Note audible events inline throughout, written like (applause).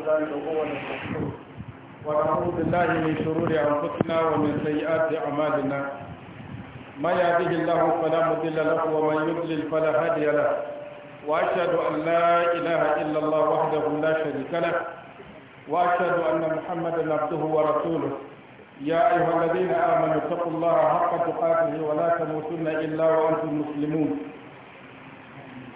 الرحمن هو المغفور ونعوذ بالله من شرور أنفسنا ومن سيئات أعمالنا ما يهده الله فلا مضل له ومن يضلل فلا هادي له وأشهد أن لا إله إلا الله وحده لا شريك له وأشهد أن محمدا عبده ورسوله يا أيها الذين آمنوا اتقوا الله حق تقاته ولا تموتن إلا وأنتم مسلمون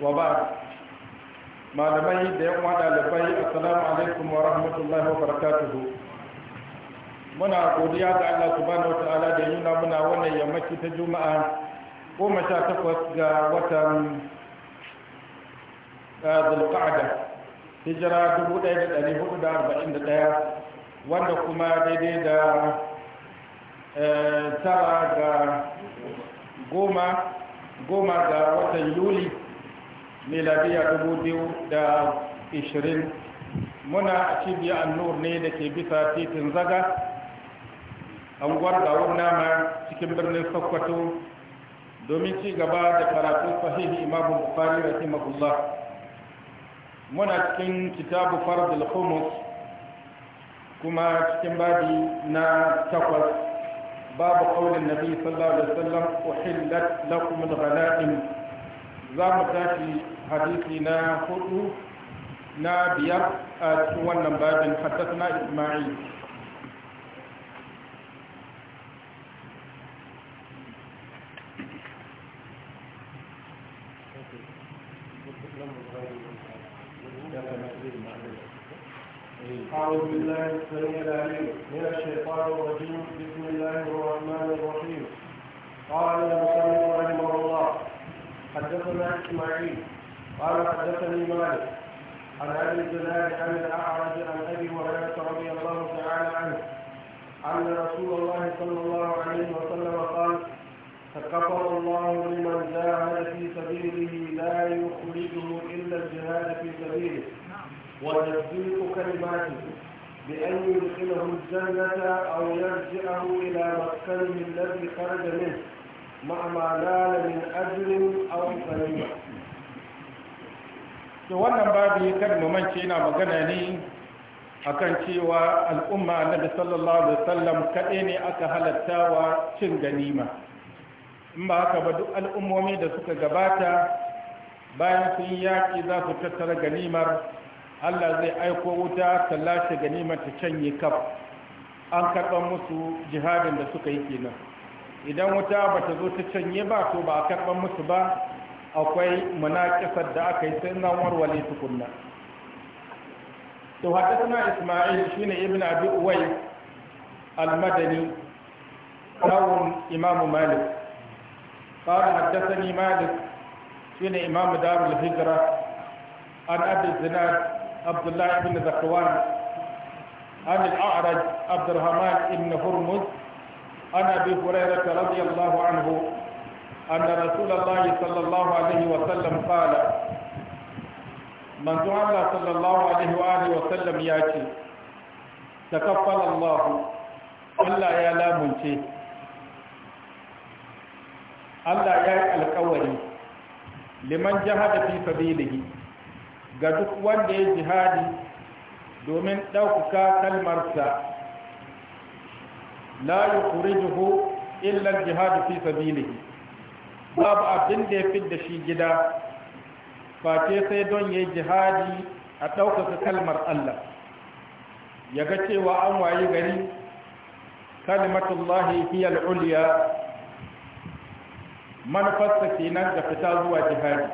wa ba malamai da yan uwa dalibai assalamu alaikum wa rahmatullahi wa barakatuhu muna godiya ga Allah subhanahu wataala da nuna muna wannan yammaci ta juma'a goma sha takwas ga watan eh, zulqa'da hijira dubu ɗaya da da da ɗari arba'in ɗaya, wanda kuma daidai da eh, tara ga goma goma ga watan yuli miladiya dubu biyu da ishirin muna a cibiyar annur ne da ke bisa titin zaga anguwar gawar nama cikin birnin sokoto domin ci gaba da karatu sahihi imamu bukari rahimahullah muna cikin kitabu fardul khumus kuma cikin babi na takwas babu kaunin nabi sallallahu alaihi wasallam uhillat lakum al-ghanaim za mu tashi حديثنا na hudu أتوانا بعد a cikin wannan أعوذ بالله السميع العليم من الشيطان الرجيم بسم الله الرحمن الرحيم قال المصنف رحمه الله حدثنا إسماعيل قال حدثني مالك عن ابي الزناد عن الاعرج عن ابي هريره رضي الله تعالى عنه ان رسول الله صلى الله عليه وسلم قال فكفر الله لمن جاهد في سبيله لا يخرجه الا الجهاد في سبيله وتصديق كلماته بأن يدخله الجنة أو يرجعه إلى مسكنه الذي خرج منه مع ما نال من أجر أو كلمه to wannan babu kar mu mance yana magana ne akan cewa al'umma annabi sallallahu alaihi wasallam kaɗai ne aka wa cin ganima in ba haka ba duk al'ummomi da suka gabata bayan sun yaƙi za su tattara ganimar allah zai aiko wuta ta lashe ganimar ta canye kaf an karɓa musu jihadin da suka yi kenan idan wuta ba ta zo ta canye ba to ba a karɓar musu ba akwai munaqisar da aka yi sai nan warware tukunna to haddathana isma'il shine ibnu abi uwai al-madani rawun imamu malik قال حدثني مالك شين إمام دار الهجرة عن أبي الزناد عبد الله بن ذكوان عن الأعرج عبد الرحمن بن هرمز عن أبي هريرة رضي الله عنه أن رسول الله صلى الله عليه وسلم قال من جعل صلى الله عليه وآله وسلم ياتي تكفل الله ألا يا لا منشي ألا يا القوري لمن جهد في سبيله ga duk wanda ya jihadi domin ɗaukaka kalmarsa la yukhrijuhu illa al-jihad fi sabilihi babu abin da ya fidda shi gida face sai don ya yi jihadi a ɗaukaka kalmar Allah ya ga cewa an wayi gari kalimatullahi hiyal uliya manufarsa kenan da fita zuwa jihadi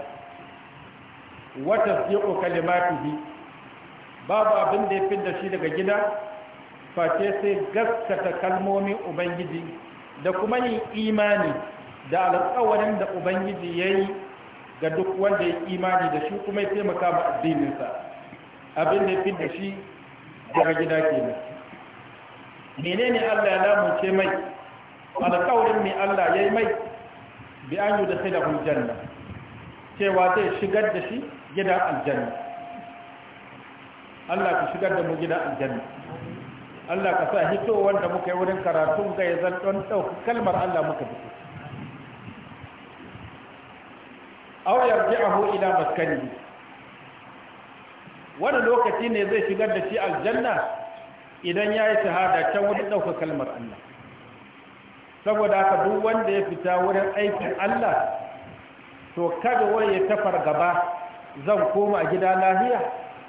wata siƙo kalimatihi babu abin da ya fidda shi daga gida face sai gaskata kalmomin ubangiji da kuma yin imani da alƙawarin da ubangiji ya yi ga duk wanda ya imani da shi kuma ya taimaka ma addininsa abin da ya fi da shi daga gida ke nan menene allah ya lamunce mai alƙawarin mai allah ya yi mai bi an yi da sai da hujjanna cewa zai shigar da shi gidan aljanna allah ka shigar da mu gida aljanna allah ka sa hito wanda muka yi wurin karatun ga ya zan don ɗauki kalmar allah muka fito aw yarji'ahu ila maskanihi wani lokaci ne zai shigar da shi aljanna idan ya yi shahada can wani ɗauka kalmar Allah saboda haka duk wanda ya fita wurin aikin Allah to kada wani ya tafar gaba zan koma gida lahiya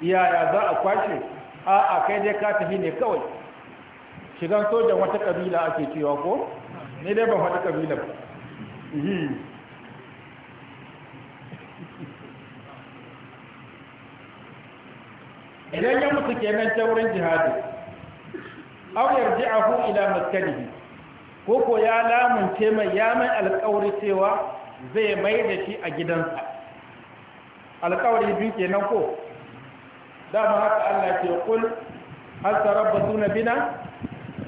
yaya za a kwashe a'a kai dai ka tafi ne kawai shigan sojan wata kabila ake cewa ko ne dai ban wata kabila ba hmm. idan ya mutu kenan ta wurin jihadi aw yarji'ahu ila maskanihi ko ko ya lamunce mai ya mai alƙawari cewa zai mai da shi a gidansa alƙawari biyu kenan ko dama haka Allah ke kul hal tarabbasuna bina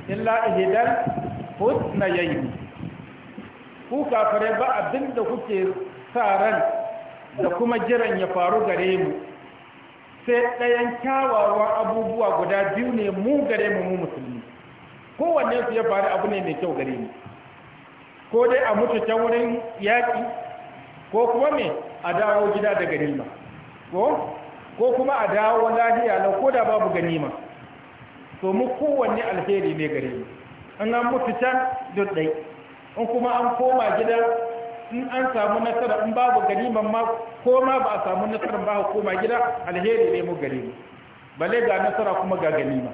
illa ihdan yayi. ku kafare ba abinda kuke sa ran da kuma jiran ya faru gare mu sai ɗayan kyawawan abubuwa guda biyu ne mu gare mu mu musulmi kowanne su ya faru abu ne mai kyau gare mu ko dai a mutu ta wurin yaƙi ko kuma me a dawo gida da ganima ko ko kuma a dawo lafiya lau ko da babu ganima to mu kowanne alheri ne gare mu an an mutu can duk ɗai in kuma an koma gida in an samu nasara in babu ganiman ma ko ma ba a samu nasara ba ko ma gida alheri ne mu gare mu balle ga nasara kuma ga ganima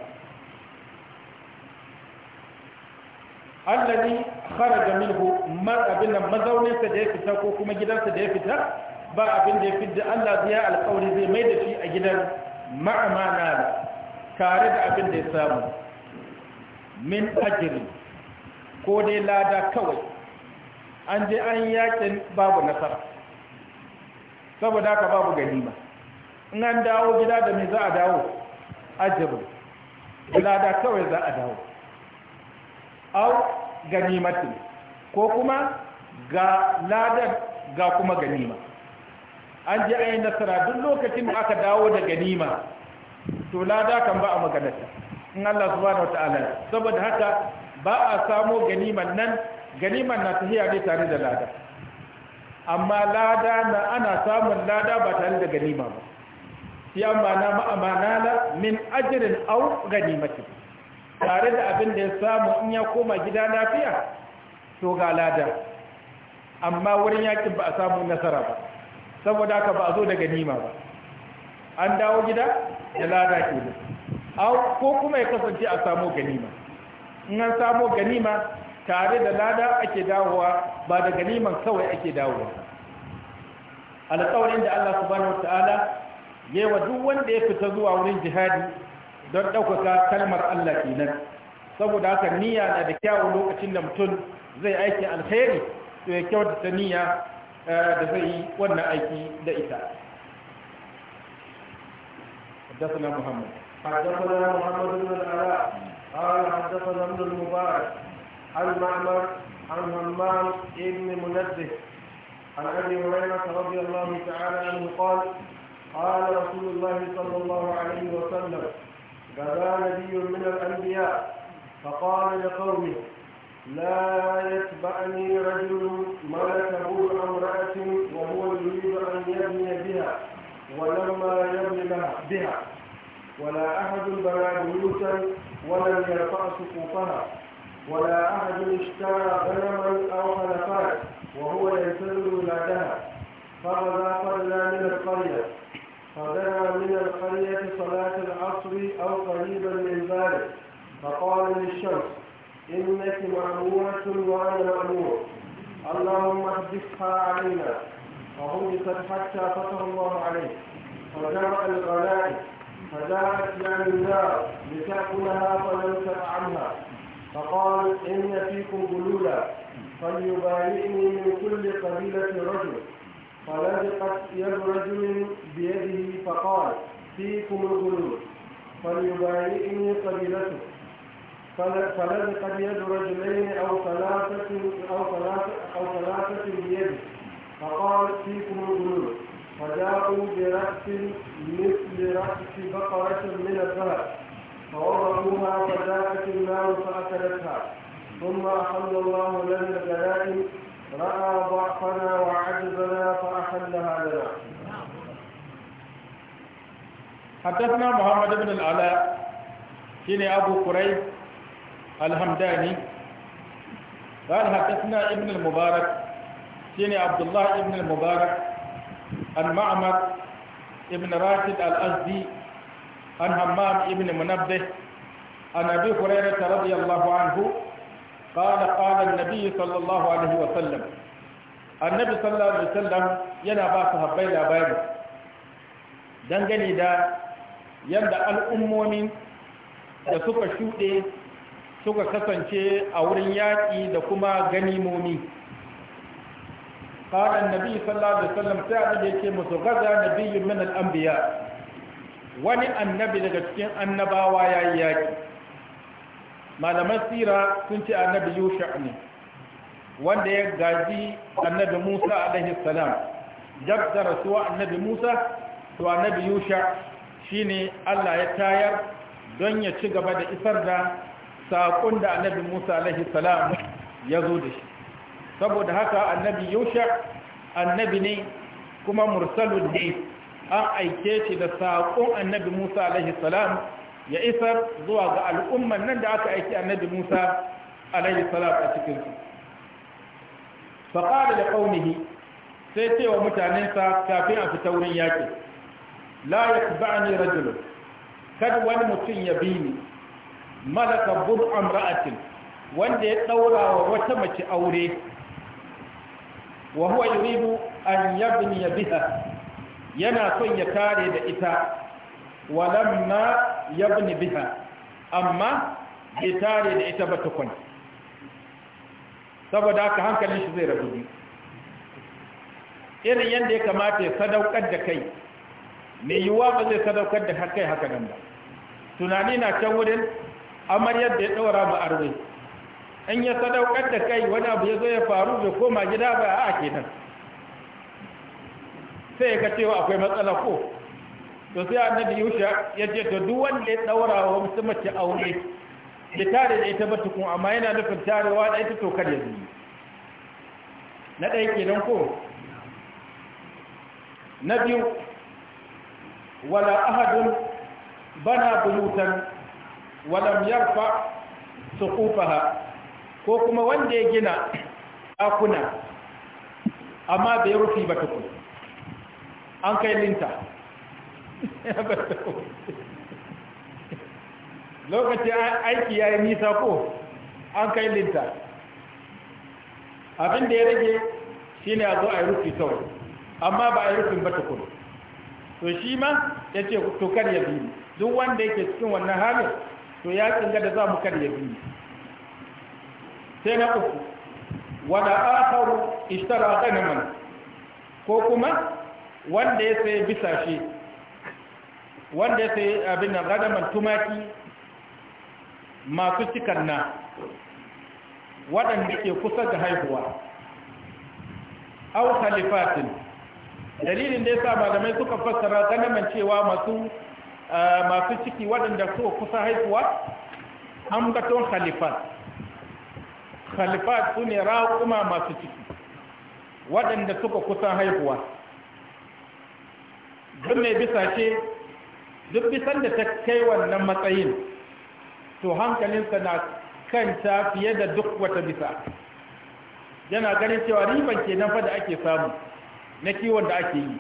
allazi kharaja minhu ma abin nan mazauninsa da ya fita ko kuma gidansa da ya fita ba abin da ya fidda Allah ya alƙawari zai mai da shi a gidan ma'amana tare da abin da ya samu min ajiri ko dai lada kawai an je an yakin babu nasara saboda haka babu ganima in an dawo gida da me za a dawo ajirin lada kawai za a dawo au ganimatin ko kuma ga ladar ga kuma ganima an je an yi nasara duk lokacin da aka dawo da ganima to lada kan ba a maganarta in Allah subhanahu wa ta'ala saboda haka ba a samo ganiman nan ganiman na tafiya ne tare da lada amma lada na ana samun lada ba tare da ganima ba fi amana ma amana la min ajrin aw ganimati tare da abin da ya samu in ya koma gida lafiya to ga lada amma wurin yakin ba a samu nasara ba saboda haka ba a zo da ganima ba an dawo gida da lada ke ko kuma ya kasance a samu ganima in an samu ganima tare da lada ake dawowa ba da ganiman kawai ake dawowa alƙawarin da Allah subhanahu wataala wa duk wanda ya fita zuwa wurin jihadi don ɗaukaka kalmar Allah kenan saboda haka niyya na da kyawun lokacin da mutum zai aiki alheri to ya kyautata niyya eh, da zai yi wannan aiki da ita حدثنا محمد حدثنا محمد بن العلاء قال حدثنا ابن المبارك عن معمر عن همام ابن منبه عن ابي هريره رضي الله تعالى عنه قال قال رسول الله صلى الله عليه وسلم غدا نبي من الانبياء فقال لقومه لا يتبعني رجل ملكه امراه وهو يريد ان يبني بها ولما يبني بها ولا احد بنى بيوتا ولم يرفع سقوطها ولا أحد اشترى غنما أو خلفات وهو ينتظر بعدها فغدا صلى من القرية فدنا من القرية صلاة العصر أو قريبا من ذلك فقال للشمس إنك مأمورة وأنا مأمور اللهم احبسها علينا فهمست حتى فتح الله عليه فجمع الغنائم فجاءت يعني النار لتأكلها فلم تطعمها فقال إن فيكم بلولا فليبايئني من كل قبيلة رجل فلزقت يد رجل بيده فقال فيكم الغلول فليبايئني قبيلته فلزقت يد رجلين أو ثلاثة أو ثلاثة أو ثلاثة بيده فقال فيكم الغلول فجاءوا برأس مثل رأس بقرة من الذهب فوضعوها فذاكت النار فأكلتها ثم أحل الله لنا الجلائم رأى ضعفنا وعجزنا فأحلها لنا حدثنا محمد بن العلاء كان أبو قريب الهمداني قال حدثنا ابن المبارك كان عبد الله ابن المبارك المعمر ابن راشد الأزدي عن همام ابن منبه عن أبي هريرة رضي الله عنه قال قال النبي صلى الله عليه وسلم النبي صلى الله عليه وسلم ينا باس هبين لابين dangane da yadda al'ummomin da suka shuɗe suka kasance a wurin yaƙi da kuma ganimomi قال النبي صلى الله عليه وسلم سعد يكي متغذى نبي من الأنبياء wani annabi daga cikin annabawa ya yi yaƙi malaman sira sun ce annabi yusha ne wanda ya gaji annabi musa alaihi salam jab da rasuwa annabi musa to annabi yusha shine allah ya tayar don ya ci gaba da isar da saƙon da annabi musa alaihi salam ya zo da shi saboda haka annabi yusha annabi ne kuma mursalun ne an aike shi da saƙon annabi musa alaihi salam ya isar zuwa ga al'umman nan da aka aiki annabi musa alaihi salam a cikinsu faƙaɗa da ƙaunihi sai cewa mutanensa kafin a fita wurin yaƙi la ya ba ni rajulu kada wani mutum ya bi ni malaka bud amra'atin wanda ya ɗaura wa wata mace aure wa huwa yuridu an yabni biha yana son ya tare da ita walamma yabni biha amma ya tare da ita ba tukun saboda haka hankalin shi zai rabu irin yadda ya kamata ya sadaukar da kai mai yiwuwa ba zai sadaukar da kai haka nan ba tunani na can wurin amar yadda ya ɗaura ma arwe in ya sadaukar da kai wani abu ya zo ya faru da koma gida ba a kenan sai ka cewa akwai matsala ko to sai annabi yusha ya ce to duk wanda ya daura wa wasu mace aure da tare da ita ba tukun amma yana nufin tarewa da ita to kar ya zuyi na ɗaya kenan ko na biyu wala ahadun bana bulutan walam yarfa suqufaha ko kuma wanda ya gina akuna amma bai rufi ba tukun an kai linta lokaci aiki ya yi nisa ko an kai linta abin da ya rage shi ne a zo a yi rufi kawai amma ba a yi rufin ba tukun to shi ma ya ce kar ya biyu duk wanda yake cikin wannan halin to ya kinga da za mu kar ya biyu sai na uku wada akharu ishtara ko kuma wanda ya bisa shi, wanda ya sai abin da gadaman tumaki masu cikanna waɗanda ke kusa da haihuwa au khalifatin dalilin da ya sa malamai suka fassara ganaman cewa masu masu ciki waɗanda suka kusa haihuwa an gaton khalifat khalifat su ne raƙuma masu ciki waɗanda suka kusa haihuwa don mai bisa ce duk bisan da ta kai wannan matsayin to hankalinsa na kanta fiye da duk wata bisa yana ganin cewa riban ke nan da ake samu na kiwon da ake yi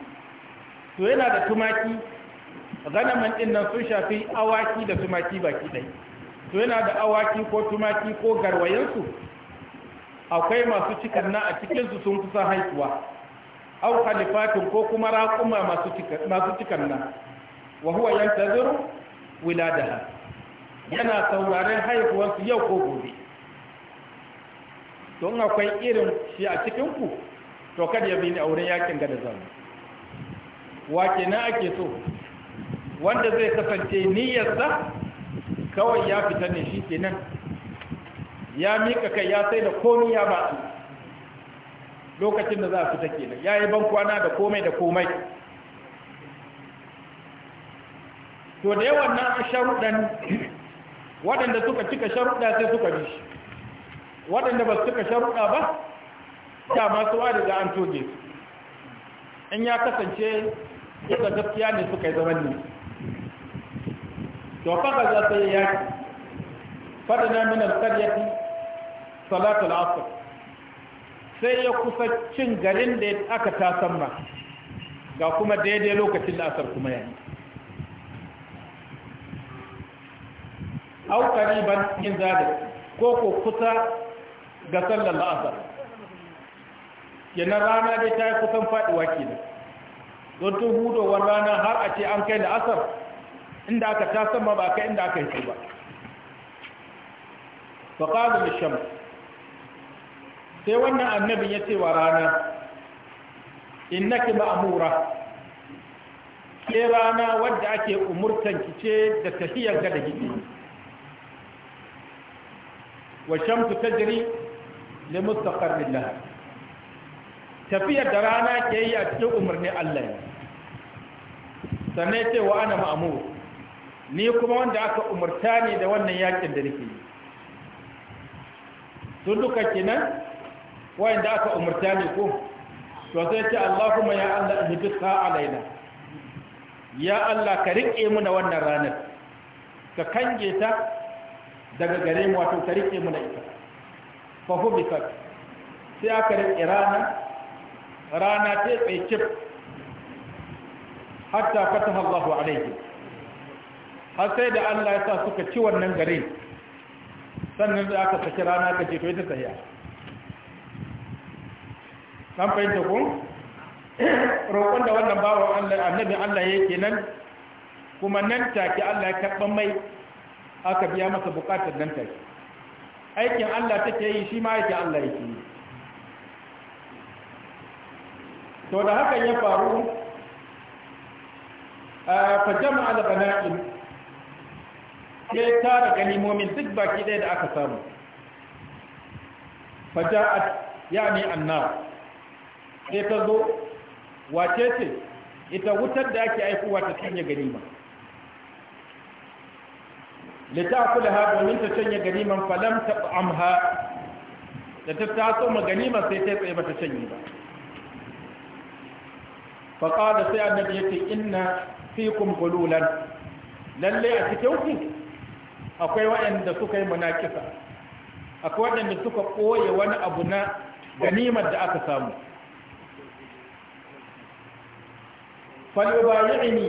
to yana da tumaki ganaman ɗin nan sun shafi awaki da tumaki baki ɗai to yana da awaki ko tumaki ko garwayensu akwai masu cikan na a cikinsu sun kusa haihuwa au khalifatun ko kuma raƙuma masu cikan nan wa huwa da wiladaha yana sauraren su yau ko gobe don akwai irin shi a cikinku to kada ya bi ni auren yakin gada zan wa kenan ake so wanda zai kasance niyyarsa kawai ya fitar ne shi kenan ya mika kai ya sai da komi ya ba su. lokacin da za a fita kenan ya yi bankwana da komai da komai to da yawan na sharuɗan waɗanda suka cika sharuɗa sai suka bi shi waɗanda ba su cika sharuɗa ba ta masu wa daga an toge su in ya kasance duka gaskiya ne suka yi zaman ne to faga za ta yi yaki fadana min alkaryati salatul asr sai ya kusa cin garin da aka ta ba ga kuma daidai lokacin la'asar kuma yanzu au ban yin zaɗi ko ko kusa ga sallar la'asar Yana rana dai ta yi kusan faɗiwa ke da don tun hudowar rana har a ce an kai la'asar inda aka ta ba ba kai inda aka yi ba faƙaɗin shamsu sai wannan annabin ya ce wa rana innaki ma'amura ke rana wadda ake umurtanki ce da tahiyar gada gidi wa shamsu tajri li mustaqarrin laha tafiyar da rana ke yi a cikin umarni Allah ne sannan ce wa ana ma'amur ni kuma wanda aka umarta ne da wannan yakin da nake yi tun duka kenan wayanda aka umurta ne ko to sai ce Allahumma ya Allah ihbiqa alaina ya Allah ka rike muna wannan ranar ka kange ta daga gare mu wato ka rike da ita fa hubika sai aka rike rana rana ta tsaye cif hatta fataha Allahu alaihi har sai da Allah ya sa suka ci wannan gare, sannan da aka saki rana ka ce to ita sahiya Kan fahimta ku? (clears throat) roƙon da wannan bawan Allah annabi Allah yake nan kuma nan take Allah ya karɓa mai aka biya masa buƙatar nan take aikin Allah take yi shi ma yake Allah yake yi to da hakan ya faru fa jama'a da bana'in sai tara ganimomin duk baki ɗaya da aka samu ja'at yani annar sai ta zo wace ce ita wutar da ake aikowa ta canye ganima da litakulaha domin ta canye ganiman falam amha da ta taso ma ganima sai ta tsaye bata canye ba fa qala sai annabi yace inna fikum qululan lalle a cikin ku akwai waɗanda suka yi munakisa akwai waɗanda suka ɓoye wani abu na ganimar da aka samu falubayi'ini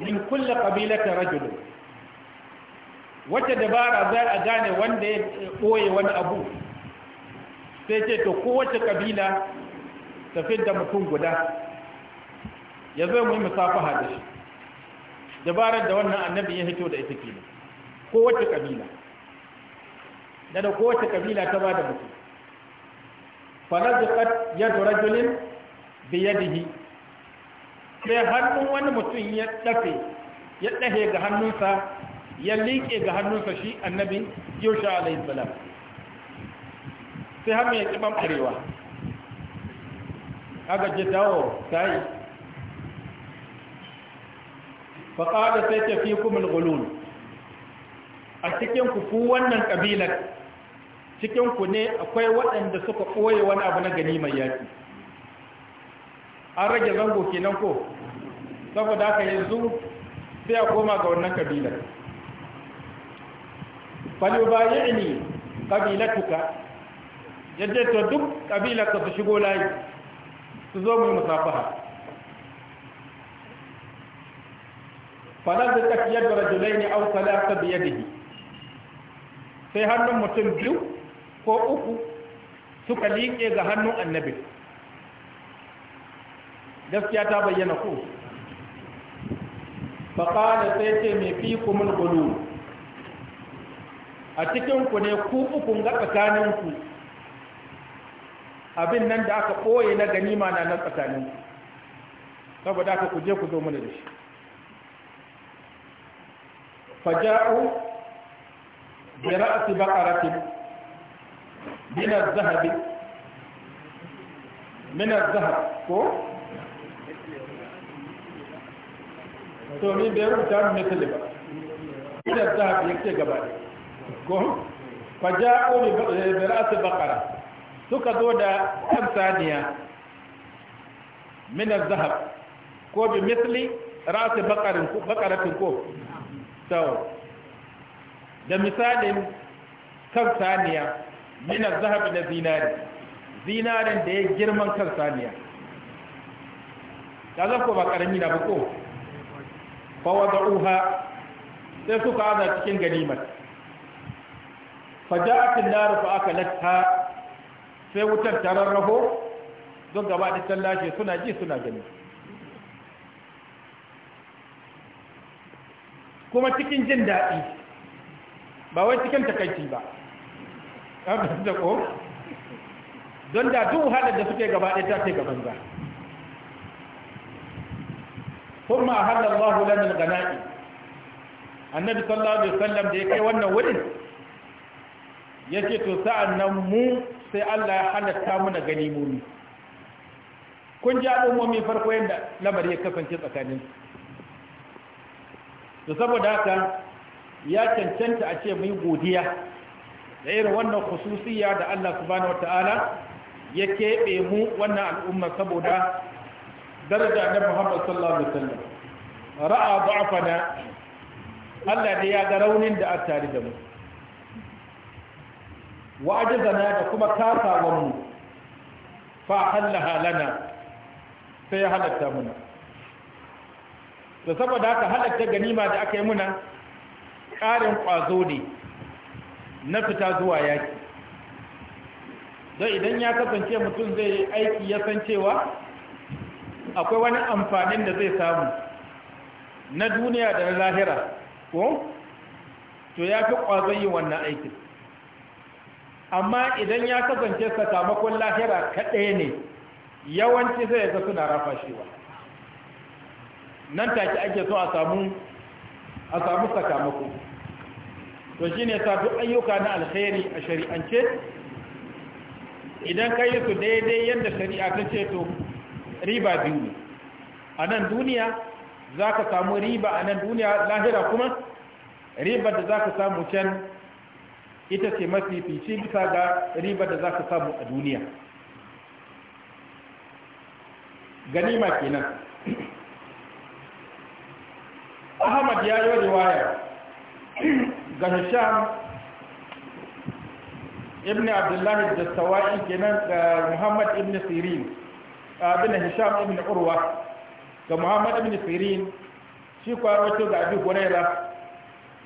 min kulle ƙabilata rajulu wata dabara za a gane wanda ya ɓoye wani abu sai ce to kowace ƙabila ta da mutum guda ya zo mu yi musafaha da shi dabarar da wannan annabi ya hito da ita ke kenan kowace ƙabila da da kowace ƙabila ta ba da mutum falazikat yadu rajulin biyadihi sai hannun wani mutum ya dafe ya ga hannunsa ya liƙe ga hannunsa shi annabi a alayhi salam sai hannun ya kiban arewa aka je dawo sai fa da sai ta fi kumul a cikin ku wannan ƙabilar cikin ku ne akwai waɗanda suka ɓoye wani abu na mai yaƙi an rage zango kenan ko saboda haka yanzu sai a koma ga wannan kabilar falubayi'ni kabilatuka yadda to duk kabilar ka su shigo layi su zo mu musafaha falar da tafiyar da rajulai ne au salata da yi sai hannun mutum biyu ko uku suka liƙe ga hannun annabi gaskiya ta bayyana ku faƙada sai ce mai fi kumin gulu a cikinku ne ku ukun ga tsakaninku abin nan da aka ɓoye na ganima na nan tsakaninku saboda aka kuje ku zo mana da shi faja'u bi ra'si baqarati min az-zahab min az-zahab ko domin bai rubuta min misali ba idan ta hafi yake gaba ne ko faja obi eh, bir'atu baqara suka zo da kan saniya min zahab ko bi misli ra'su baqarin ko baqaratin ko to da misalin kan saniya min zahab da zinari zinarin da ya girman kan saniya kaza ko ba karami na ba ko uha, sai suka aza cikin ganimar faja'atin nar fa akalatha sai wutar tararraho don gaba da tallashe suna ji suna gani kuma cikin jin daɗi ba wai cikin takaici ba ƙarfi da ko don da duk haɗar da suke gaba ɗaya ta ce gaban za ثم أهل الله لنا الغنائم annabi sallallahu alaihi wasallam da ya kai wannan wurin yace to sa'a nan mu sai Allah ya halatta mu da ganimomi kun ji al'ummomi farko yadda lamari ya kasance tsakanin to saboda haka ya cancanta a ce mai godiya da irin wannan kususiya da Allah subhanahu ya keɓe mu wannan al'umma saboda daraja na Muhammad sallallahu alaihi wasallam ra'a da'afana Allah da ya ga raunin da aka tare da mu wa ajzana da kuma wa mu fa halaha lana sai ya halatta muna da saboda haka halatta ganima da aka yi muna ƙarin ƙwazo ne na fita zuwa yaki don idan ya kasance mutum zai aiki ya san cewa akwai wani amfanin da zai samu na duniya da na lahira ko to ya fi ƙwazon yin wannan aikin amma idan ya kasance sakamakon lahira kaɗai ne yawanci zai ga suna rafa shi nan take ake so a samu sakamako to shi ne sa duk ayyuka na alkhairi a shari'ance idan ka yi su daidai yadda shari'a ta ce to riba biyu ne a nan duniya za ka samu riba a nan duniya lahira kuma riba da za ka samu can ita ce mafi fice bisa ga riba da za ka samu a duniya ganima kenan ahmad ya yi waya ga hisham ibn abdullahi da sawa'i kenan ga muhammad ibn sirin abin hisham ibn urwa ga muhammad ibn sirin shi kwa wato ga abi huraira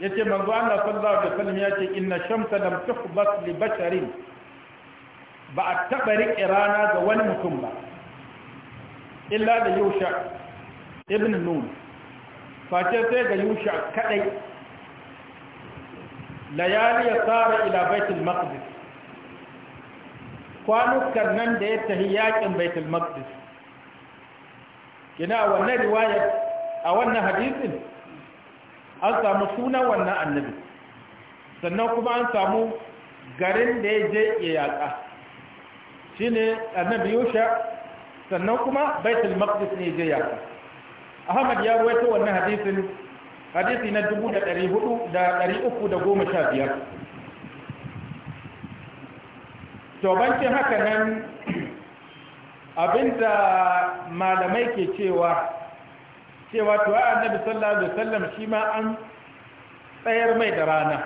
yace manzo Allah sallallahu alaihi wasallam yace inna shamsa lam tuhbat li basharin ba a taba riƙe rana ga wani mutum ba illa da yusha ibn nun face sai ga yusha kadai layali ya tsara ila baitul maqdis kwanukan nan da ya tafi yakin baitul maqdis kina wannan riwaya a wannan hadisin an samu sunan wannan annabi sannan kuma an samu garin da ya je ya yaka shine annabi yusha sannan kuma baitul maqdis ne je yaƙa. ahmad ya ruwaito wannan hadisin hadisi na 1415 to bankin haka nan abinda malamai ke cewa cewa to annabi sallallahu alaihi wasallam shi ma an tsayar mai da rana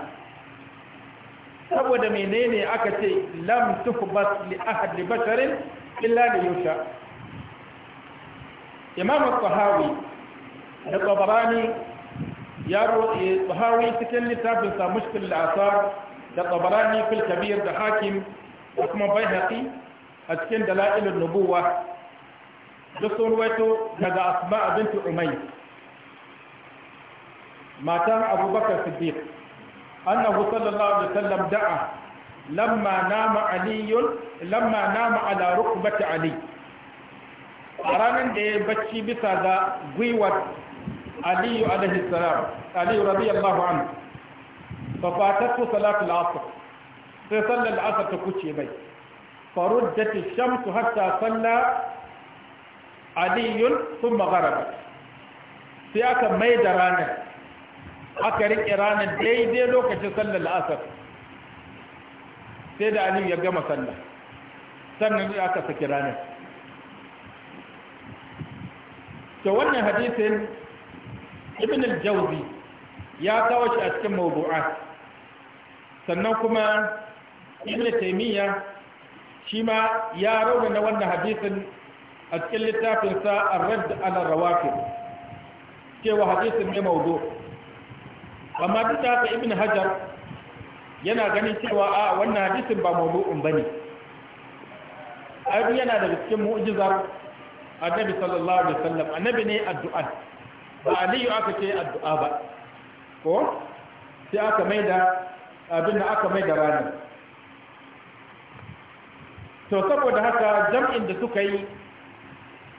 saboda menene aka ce lam tuhbas li ahad li basharin illa li yusha imam al-qahawi da tabarani ya ruwaye tahawi cikin littafin sa mushkil al-asar da tabarani fil kabir da hakim da kuma bai haƙi a cikin dala'ilin nubuwa duk sun ruwaito daga asma abinci umai matan abubakar siddiq annahu sallallahu alaihi wasallam da'a lamma nama aliyun lamma nama ala rukbati ali a ranar da ya bacci bisa ga gwiwar aliyu alaihi salam aliyu radiyallahu anhu fa fatatu salatu asr sai sallar la'asar ta kuce mai ta shamsu hatta salla aliyun sun magharaba sai aka mai da ranar aka riƙe ranar daidai lokacin sallar la'asar sai da aliyu ya gama sallah sannan ne aka saki ranar to wannan hadisin ibn al-jawzi ya kawo shi a cikin maudu'a sannan kuma ibn taymiya shi ma ya rauna na wannan hadisin a cikin littafin sa ar-radd ala cewa hadisin ne mawdu amma duk da haka ibn hajar yana ganin cewa a wannan hadisin ba mawdu'un bane abin yana da cikin mu'jizar annabi sallallahu alaihi wasallam annabi ne addu'a ba aliyu aka ce addu'a ba ko sai aka maida abin da aka maida rani to saboda haka jam'in da suka yi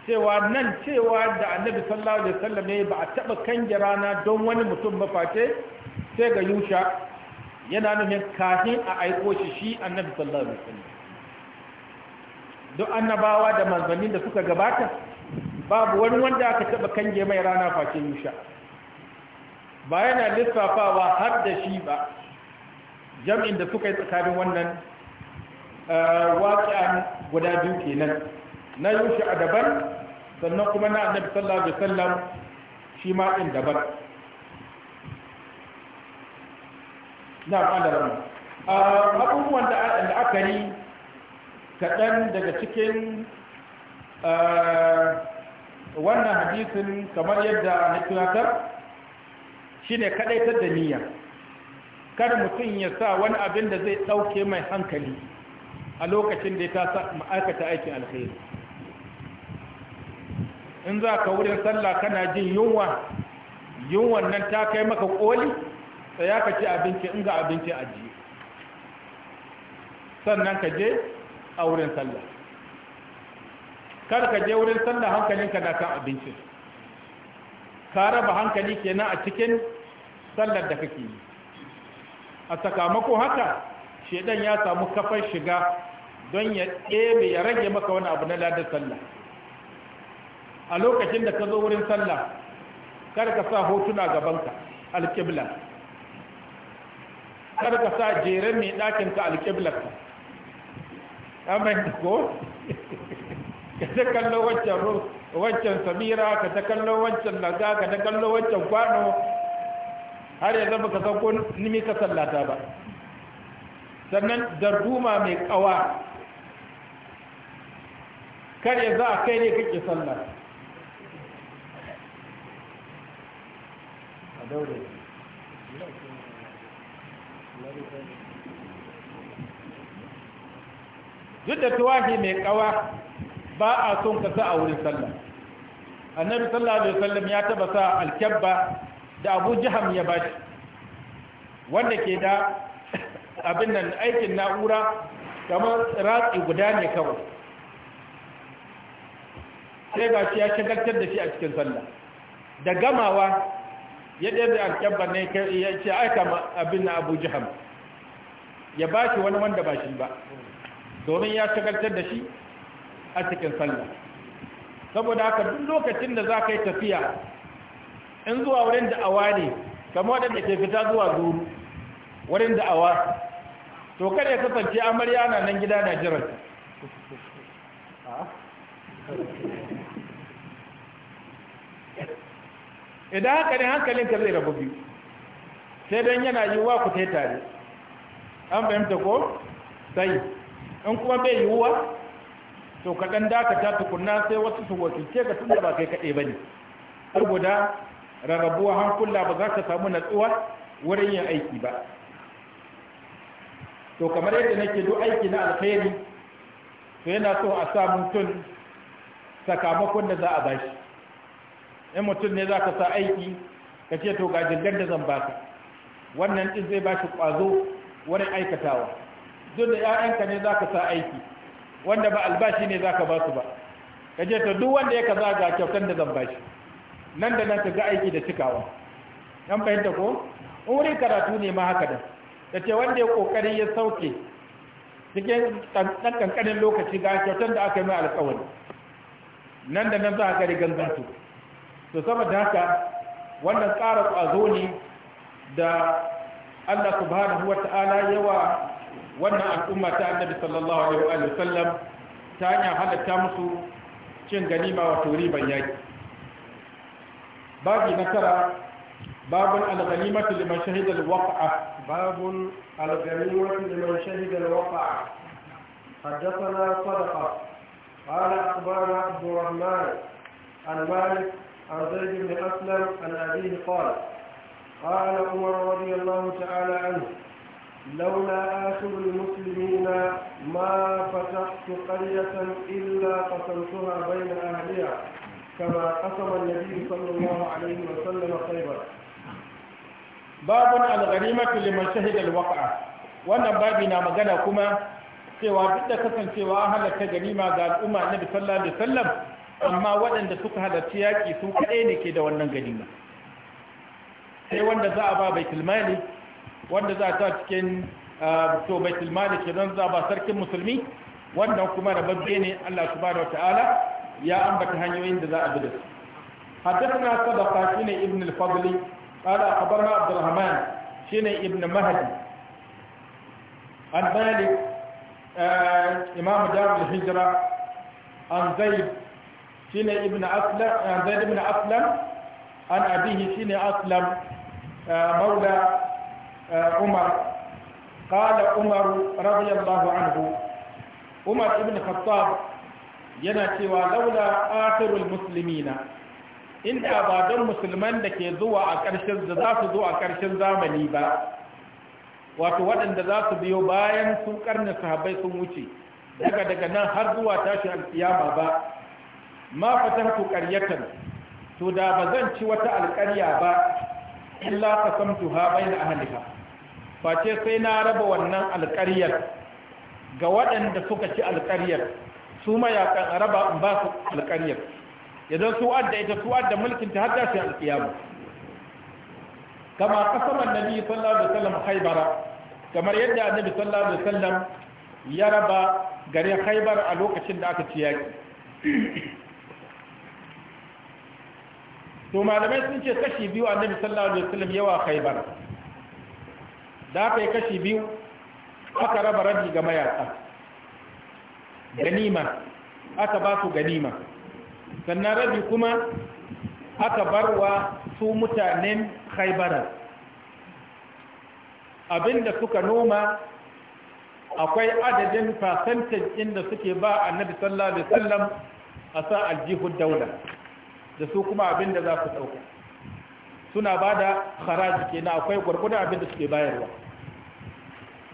cewa nan cewa da annabi sallallahu alaihi wasallam ne ba a taba kange rana don wani mutum ba face sai ga yusha yana nufin kafin a aiko shi shi annabi sallallahu alaihi wasallam duk annabawa da manzanni da suka gabata babu wani wanda aka taba kange mai rana face yusha ba yana lissafawa har da shi ba jam'in da suka yi tsakanin wannan Eh, waƙi'an guda biyu kenan na yushe a daban sannan kuma na annabi sallallahu alaihi wasallam shi ma ɗin daban na ƙadarar eh, abubuwan da aka yi kaɗan daga cikin eh, wannan hadisin kamar yadda na tunatar shi ne kaɗaitar da niyya kar mutum ya sa wani abin da zai ɗauke mai hankali a lokacin da ta ma'aikata aikin alkhairi in za ka wurin sallah kana jin yunwa yunwan nan ta kai maka koli tsaya ka ci abinci in ga abinci ajiye sannan ka je a wurin sallah kar ka je wurin sallah hankalinka na kan abincin ka raba hankali kenan a cikin sallar da kake yi a sakamakon haka shedan ya samu kafar shiga don ya ɗebe ya rage maka wani abu na ladar sallah a lokacin da ka zo wurin sallah kar ka sa hotuna gabanka alƙibla kar ka sa jeren mai ɗakinka alƙiblarka amin ko ka ta kallo wancan wancan samira ka ta kallo wancan laga ka ta kallo wancan kwano har ya zama ka san ko nimi ka sallata ba sannan darduma mai kawa kare za a kai ne kake sallah duk da tuwahi mai kawa ba a son ka sa a wurin sallah annabi sallallahu alaihi wasallam ya taba sa alkyabba da abu jaham ya bashi wanda ke da abin nan aikin na'ura kamar ratsi guda ne kawai sai ga shi ya shagaltar da shi a cikin sallah da gamawa ya ɗaya da alƙabbar ne ya ce aika abin na abu jiham ya ba shi wani wanda ba shi ba domin ya shagaltar da shi a cikin sallah saboda haka duk lokacin da za ka yi tafiya in zuwa wurin da awa ne kamar waɗanda ke fita zuwa zuru wurin da'awa to kada ya kasance amarya na nan gida na jiran idan haka ne ka zai rabu biyu sai don yana yiwuwa ku tare an fahimta ko sai in kuma bai yiwuwa to kaɗan dakata tukunna sai wasu su ce ka tun ba kai kaɗai ba ne saboda rarrabuwa hankula ba za ka samu natsuwa wurin yin aiki ba to kamar yadda nake duk aiki na alkhairi to yana so a sa mutum sakamakon da za a bashi in mutum ne za ka sa aiki ka ce to ga jirgin da zan baka wannan din zai bashi kwazo wani aikatawa duk da 'ya'yanka ne za ka sa aiki wanda ba albashi ne za ka ba su ba ka je to duk wanda ya kaza ga kyautan da zan bashi nan da nan ka ga aiki da cikawa Yan fahimta ko in wurin karatu ne ma haka da da ce wanda ya kokari ya sauke cikin ɗan ƙanƙanin lokaci ga kyautar da aka yi mai alƙawari nan da nan za a gari ganzantu to saboda haka wannan tsara ƙwazo ne da Allah subhanahu wa ta'ala yawa wannan al'umma ta annabi sallallahu alaihi wa sallam ta hanyar halatta musu cin ganima turi ban yaki Ba nasara nasara. باب الغنيمة لمن شهد الوقعة باب الغنيمة لمن شهد الوقعة حدثنا صدقة قال أخبرنا عبد الرحمن عن مالك عن زيد بن أسلم عن أبيه قال قال عمر رضي الله تعالى عنه لولا آخر المسلمين ما فتحت قرية إلا قسمتها بين أهلها كما قسم النبي صلى الله عليه وسلم خيبر babun algharimatu liman shahida alwaqa wannan babi na magana kuma cewa duk da kasancewa an halatta ganima ga al'umma annabi sallallahu alaihi wasallam amma waɗanda suka halarci yaƙi sun kaɗai ne ke da wannan ganima sai wanda za a ba baitul mali wanda za a ta cikin ah, to baitul mali ke don za ba sarkin musulmi wannan kuma da babbe ne Allah subhanahu wataala ya ambata hanyoyin da za a bi da su حدثنا صدقة ابن الفضل قال أخبرنا عبد الرحمن شين ابن مهدي عن مالك آه إمام دار الهجرة عن زيد شين آه، ابن أسلم عن زيد بن أسلم عن أبيه شين أسلم آه مولى آه عمر قال عمر رضي الله عنه عمر بن الخطاب ينأتي ولولا آخر المسلمين inda ba don musulman da ke zuwa a ƙarshen da za su zo a ƙarshen zamani ba wato waɗanda za su biyo bayan sun ƙarni sahabai sun wuce daga daga nan har zuwa tashi alkiyama ba ma ku ƙaryatar to da ba zan ci wata alƙarya ba illa qasamtuha da ahliha face sai na raba wannan alƙaryar ga waɗanda suka ci alƙaryar su ma ya raba in ba su alƙaryar ya zan su'ad da ita su'ad da mulkin ta hadda shi alƙiyama kama kasaman nabi sallallahu alaihi wasallam haibara kamar yadda annabi sallallahu alaihi wasallam ya raba garin haibar a lokacin da aka ci yaƙi to malamai sun ce kashi biyu a annabi sallallahu alaihi wasallam yawa haibar da aka yi kashi biyu aka raba rabi ga mayaka ganima aka ba su ganima sannan rabi kuma aka barwa su mutanen haibara abinda suka noma akwai adadin fasantin inda suke ba annabi sallallahu alaihi wasallam a sa aljihun daula da su kuma abinda za su dauka suna ba da haraji kenan akwai gwargwadon abinda suke bayarwa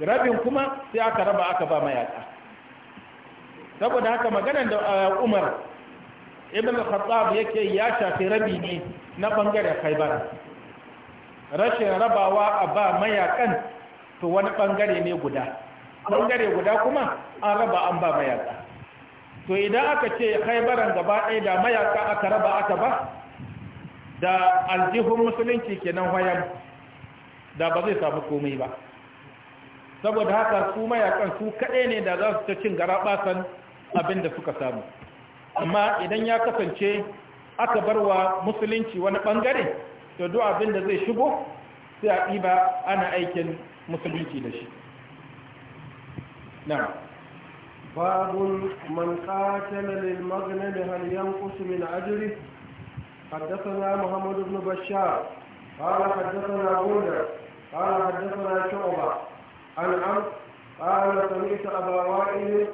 rabin kuma sai aka raba aka ba mayaka saboda haka maganar da uh, umar ibn khattab yake ya shafi rabi ne na bangare khaybar rashin rabawa a ba mayakan to wani bangare ne guda bangare guda kuma an raba an ba mayaka to idan aka ce khaybaran gaba ɗaya da mayaka aka raba aka ba da aljihun musulunci kenan wayan da ba zai samu komai ba saboda haka su mayakan su kaɗai ne da za su ta cin garaɓasan abin da suka samu amma idan ya kasance aka bar wa musulunci wani ɓangare to duk abin da zai shigo sai a ɗiba ana aikin musulunci da shi babun man qatala lil maghnami hal yanqus min ajri حدثنا محمد Haddasa na قال حدثنا Haddasa na حدثنا شعبة عن عمرو قال سمعت أبا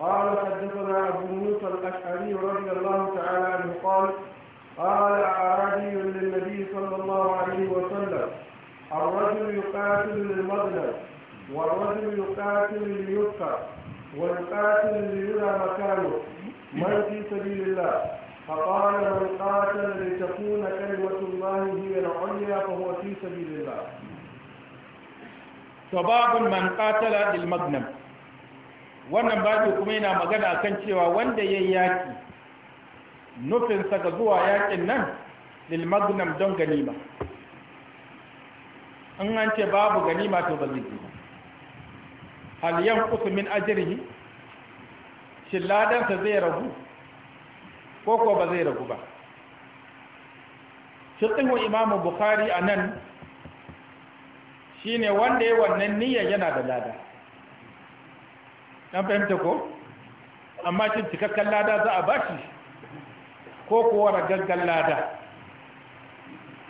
قال حدثنا أبو موسى الأشعري رضي الله تعالى عنه قال قال أعرابي للنبي صلى الله عليه وسلم الرجل يقاتل للمظلم والرجل يقاتل ليبقى والقاتل ليرى مكانه من في سبيل الله فقال من قاتل لتكون كلمة الله هي العليا فهو في سبيل الله فباب من قاتل للمغنم wannan babu kuma yana magana akan cewa wanda ya yaki nufinsa ga zuwa yakin nan lil magnam don ganima in an ce babu ganima to ba zai hal yanqutu min ajrihi shin ladansa zai ragu ko ko ba zai ragu ba fiqhu imamu bukhari anan shine wanda ya wannan niyya yana da lada ɗan fahimta ko amma cin cikakken lada za a bashi ko kuwa ragaggen lada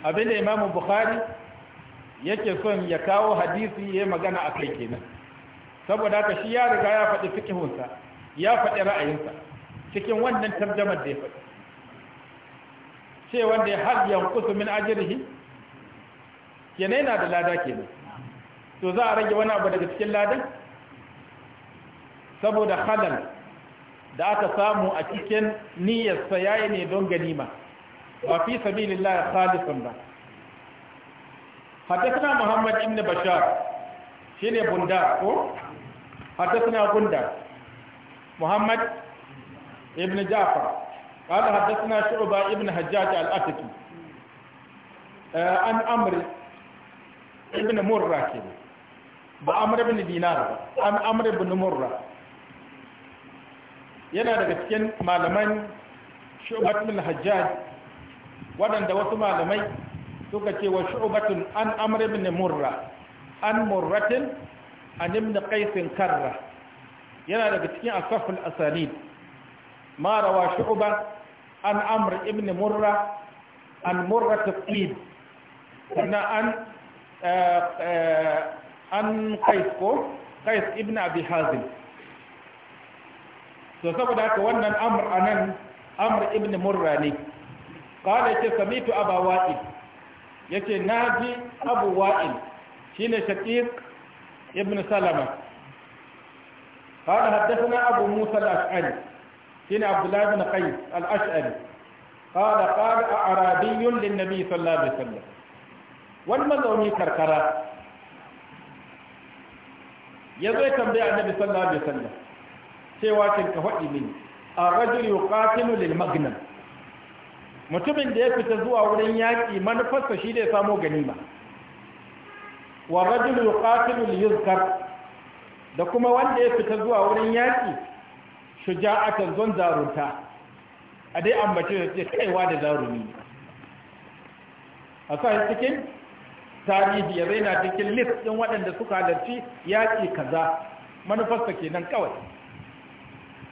abin da imamu bukhari yake son ya kawo hadisi ya magana a kai kenan saboda haka shi ya riga ya faɗi fikihunsa ya faɗi ra'ayinsa cikin wannan tarjamar da ya faɗi ce wanda ya har yankusu min ajirhi kenan yana da lada kenan to za a rage wani abu daga cikin ladan saboda halal da aka samu a cikin niyyarsa ya yi ne don ganima ba fi sami lillah ya ba haddasa muhammad ibn bashar shi ne bunda ko haddasa bunda muhammad ibn jafar kada haddasa shu'uba ibn hajjaj al-atiki an amri ibn murra ke ba amri ibn dinar ba an amri ibn murra yana daga cikin malaman shu'batul hajjaj waɗanda wasu malamai suka ce wa shu'batun an amr ibn murra an murratin an ibn kaisin karra yana daga cikin asaful asanid ma rawa shu'ba an amr ibn murra an murrat al-qib an eh, eh, an qais ko ibn abi hazim to saboda haka wannan amr nan amr ibn murra ne qala ce samitu aba wa'il yace naji abu wa'il shine shaqiq ibn salama qala haddathana abu musa al-as'ali shine abdullah ibn qais al-as'ali qala qala arabiyyun lin-nabi sallallahu alaihi wasallam wani mazauni karkara ya zai tambaya annabi sallallahu alaihi wasallam sai kin ka faɗi min a rajul yuqatilu lil magnam mutumin da ya fita zuwa wurin yaƙi manufarsa shi da ya samo ganima wa rajul yuqatilu li yuzkar da kuma wanda ya fita zuwa wurin yaƙi shuja'atan zon zarunta a dai ambace da ce kaiwa da zarumi a sa cikin tarihi ya zaina cikin list ɗin waɗanda suka halarci yaƙi kaza manufarsa kenan kawai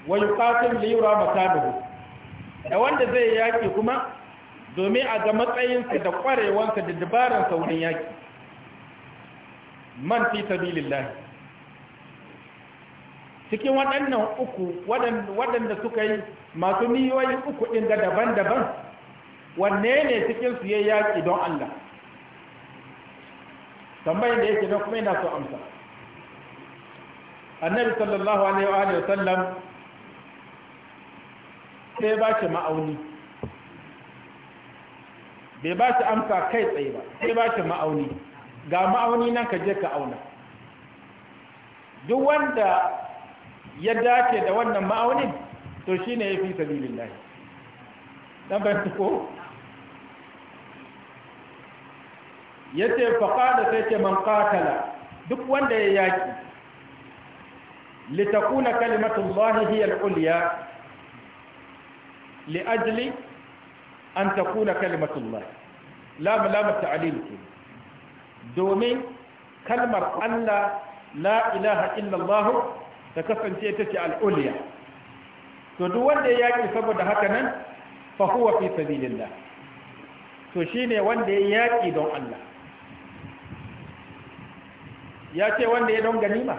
wa yuqatil li yura makanuhu da wanda zai yaki kuma domin a ga matsayinsa da kwarewansa da dabaran saurin yaki man fi sabilillah cikin waɗannan uku waɗanda suka yi masu niyoyi uku ɗin ga daban-daban wanne ne cikin su yayi yaki don Allah tambayin da yake don kuma yana so amsa annabi sallallahu alaihi wa sallam sai ba shi ma'auni bai ba shi amsa kai tsaye ba sai ba shi ma'auni ga ma'auni nan ka je ka auna duk wanda ya dace da wannan ma'aunin to shi ne ya fi sabilin lahi ɗan bayan ko ya ce faƙa da sai ce man ƙatala duk wanda ya yaƙi litakuna kalimatun lahi hiyar ƙuliya li'ajli an takuna kalimatullah lam lam ta'lil domin kalmar Allah la ilaha illallah ta kasance ta ce al'uliya to duk wanda ya yaki saboda haka nan fa huwa fi sabilillah to shine wanda ya yaki don Allah ya ce wanda ya don ganima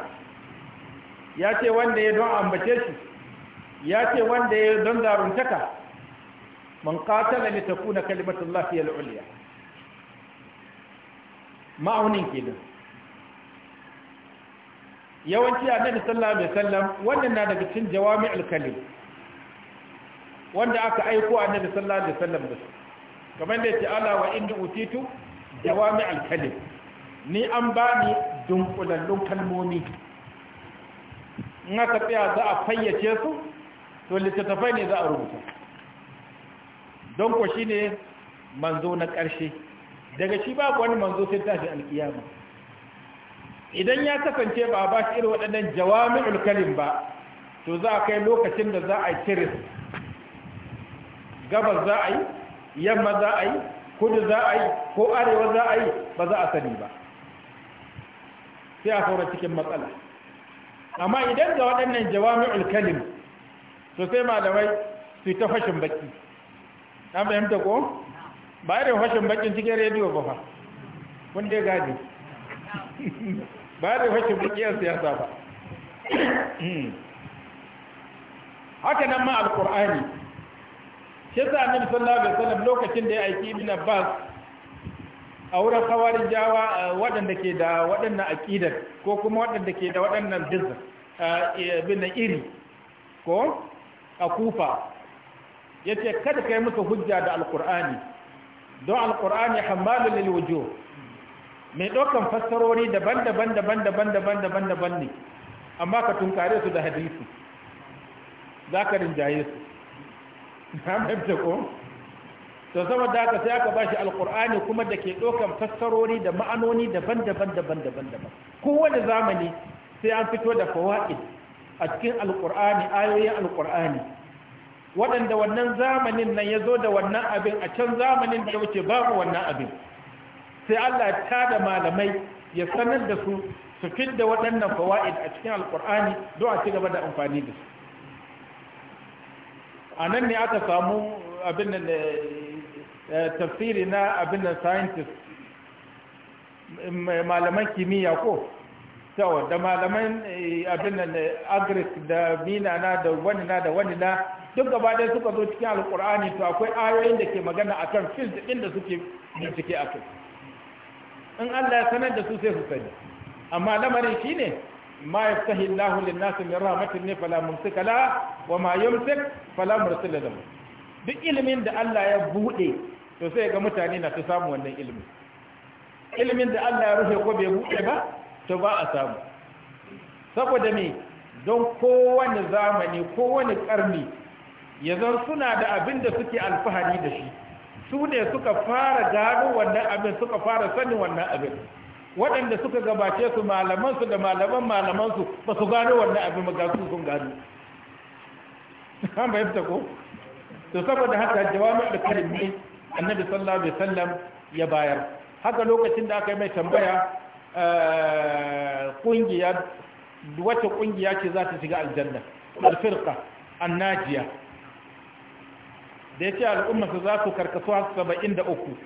ya ce wanda ya don ambace shi ya ce wanda ya don zaruntaka man katala li ta kuna hiya al-ulya ma'aunin kenan yawanci a annabi sallallahu alaihi wasallam wannan na daga cikin jawami'ul kalim wanda aka aiko annabi sallallahu alaihi wasallam da su kamar da yake ala wa inda utitu jawami'ul kalim ni an bani dunkulallun kalmomi in aka tsaya za a fayyace su to littattafai ne za a rubuta don ko shi ne manzo na ƙarshe daga shi babu wani manzo sai tashi alkiyama idan ya kasance ba ba shi irin waɗannan jawamin kalim ba to za a kai lokacin da za a yi tiris gabas za a yi yamma za a yi kudu za a yi ko arewa za a yi ba za a sani ba sai a saura cikin matsala amma idan ga waɗannan jawamin kalim to sai malamai su ta fashin baki an fahimta ko ba da fashin bakin cikin rediyo ba fa kun dai gaji ba da fashin baki a siyasa ba haka nan ma alkur'ani shi sa annabi sallallahu alaihi wasallam lokacin da ya aiki ibn abbas a wurin kawarin jawa eh, waɗanda ke da waɗannan aƙidar ko kuma waɗanda ke da waɗannan bizar a eh, iri ko a kufa ya ce kada ka yi musu hujja da alkur'ani don alkur'ani hamalin lilwujo mai ɗaukan fassarori daban-daban daban-daban daban-daban daban ne amma ka tunkare su da hadisi za ka rinjaye su hamdanta ko to saboda haka sai aka bashi alkur'ani kuma da ke ɗaukan fassarori da ma'anoni daban-daban daban-daban daban kowane zamani sai an fito da fawaid a cikin alkur'ani ayoyin alkur'ani waɗanda wannan zamanin nan ya zo da wannan abin a can zamanin da ya wuce babu wannan abin sai Allah ta da malamai ya sanar da su su fit da waɗannan fawa'id a cikin alkur'ani don a ci gaba da amfani da su a nan ne aka samu abin da eh, eh, tafsiri na abin da eh, malaman kimiyya ko to da malaman eh, abin nan eh, agris da mina na da wani na da wani na duk gaba ɗaya suka zo cikin alkur'ani to akwai ayoyin da ke magana akan fil din da suke bincike a kai in Allah ya sanar da su sai su sani amma lamarin ne ma yaftahi allahu lin nas min rahmatin ne fala mumsika la wa ma yumsik fala mursila la duk ilimin da Allah ya bude to sai ga mutane na su samu wannan ilimin ilimin da Allah ya rufe ko bai buɗe ba to ba a samu saboda me don kowane zamani kowane karni yanzu suna da abin da suke alfahari da shi su ne suka fara gano wannan abin suka fara sanin wannan abin waɗanda suka gabace su malamansu da malaman malamansu ba su gano wannan abin ba su sun gano an bayyanta ko to saboda haka jawami da kalimi annabi sallallahu alaihi wasallam ya bayar haka lokacin da aka yi mai tambaya kungiya wata kungiya ce za ta shiga aljanna alfirka annajiya da yace al'umma su za su karkasu har uku?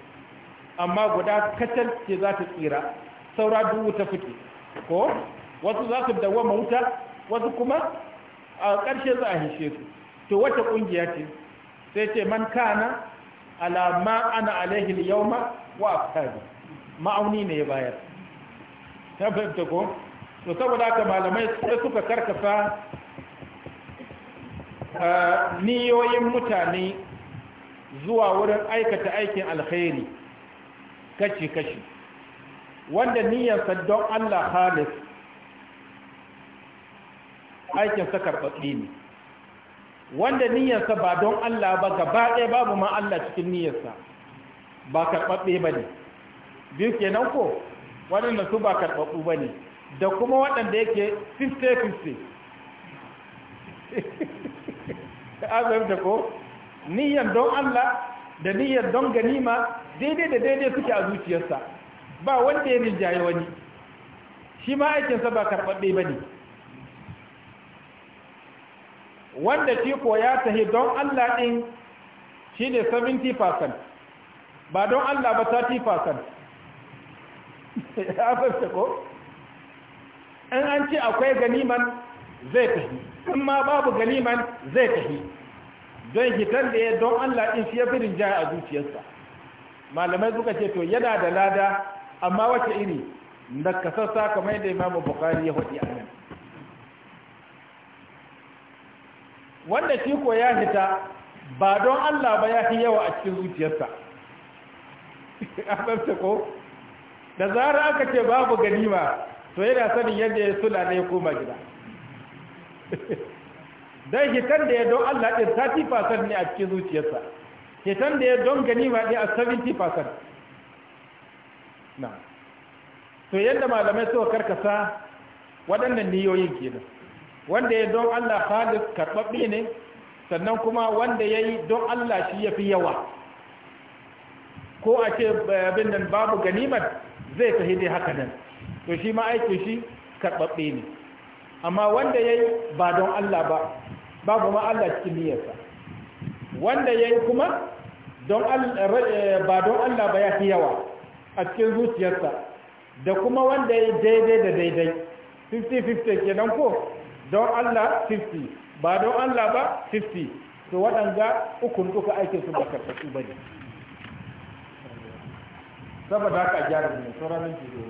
amma guda kacal ce za ta tsira saura dubu ta fiki ko wasu za su dawwama wuta wasu kuma a ƙarshe za a hishe su to wata kungiya ce sai ce man kana alama ana alaihi ma wa ma'auni ne ya bayar ya fahimta ko to saboda haka malamai sai suka karkasa niyoyin mutane zuwa wurin aikata aikin alkhairi kashi-kashi wanda niyyarsa don Allah halis sa karɓaɓɓe ne wanda niyyarsa ba don Allah ba gaba ɗaya babu ma Allah cikin niyyarsa ba karɓaɓɓe ba ne biyu kenan ko waɗanda su ba karɓaɓɓu ba ne da kuma waɗanda yake 50-50 azar da ko niyyar don Allah da niyyar don ganima daidai da daidai suke a zuciyarsa ba wanda ya rinjaye wani shi ma aikinsa ba karɓaɓɓe ba ne wanda shi ko ya tahi don Allah ɗin shi ne 70% ba don Allah ba 30% (laughs) ya ko in an ce akwai ganiman zai tafi in ma babu ganiman zai tafi don hitar da ya don Allah in shi ya fi rinjaya a zuciyarsa malamai suka ce to yana da lada amma wace iri da kasarsa kamar yadda imamu bukari ya faɗi a nan wanda shi ko ya hita ba don Allah ba ya fi yawa a cikin zuciyarsa (laughs) a ko da zara aka ce babu ganima to yana sanin yadda ya sula ne koma gida (laughs) don hitar da ya don Allah ɗin 30% ne a cikin zuciyarsa hitar da ya don ganima ɗin a 70% na to yadda malamai suka karkasa waɗannan niyoyin kenan wanda ya don Allah halis karɓaɓɓe ne sannan kuma wanda ya yi don Allah shi ya fi yawa ko a ce eh, abin nan babu ganimar zai tafi dai haka nan to shi ma aikin shi karɓaɓɓe ne amma wanda ya yi ba don Allah ba babu ma Allah cikin niyyarsa wanda ya yi kuma ba don Allah ba ya fi yawa a cikin zuciyarsa da kuma wanda ya daidai da daidai 50-50 kenan ko don Allah 50 ba don Allah ba 50 to waɗanda ukun duka aikinsu ba karfasu ba ne saboda haka a gyara ne sauran minti goma